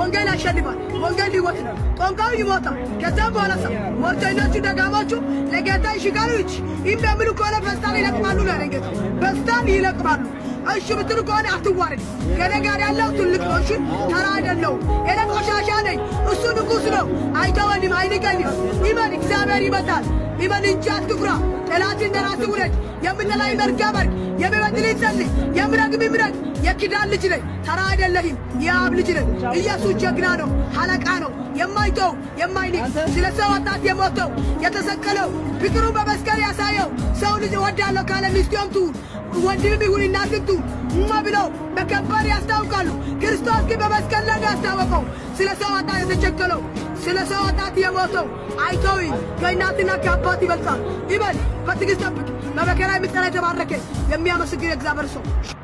ወንጌል ያሸንፋል። ወንጌል ሕይወት ነው። ጦንቃዩ ይሞታል። ከዛም በኋላ ሰ ሟርተኞቹ ደጋሞቹ ለጌታ ይሽጋሉ። እች ይህም የሚሉ ከሆነ በስታን ይለቅማሉ። ለነገት በስታን ይለቅማሉ። እሺ ብትሉ ከሆነ አትዋረድ። ከኔ ጋር ያለው ትልቅ ነው። እሺ ተራ አይደለው። እኔ ቆሻሻ ነኝ። እሱ ንጉሥ ነው። አይተወንም፣ አይንቀኝም። ይመን እግዚአብሔር ይመታል። ይመን እንጂ አትኩራ። ጠላት እንደራስ ውረድ። የምንላይ መርጋ መርግ የሚበድል ይጸልይ፣ የሚረግም ይምረግ የኪዳን ልጅ ነኝ። ተራ አይደለህም። የአብ ልጅ ነህ። ኢየሱስ ጀግና ነው፣ አለቃ ነው፣ የማይተው የማይንቅ፣ ስለ ሰው ኃጢአት የሞተው የተሰቀለው፣ ፍቅሩን በመስቀል ያሳየው ሰው ልጅ እወዳለሁ ካለ ሚስቲዮም ትሁን ወንድም ይሁን እናትም ትሁን እማ ብለው መከበር ያስታውቃሉ። ክርስቶስ ግን በመስቀል ላይ ያስታወቀው ስለ ሰው ኃጢአት የተቸከለው ስለ ሰው ኃጢአት የሞተው አይተው ከእናትና ከአባት ይበልጣል። ይበል በትግስት ጠብቅ። በመከራ የምትጠራ የተባረከ የሚያመሰግን እግዚአብሔር ሰው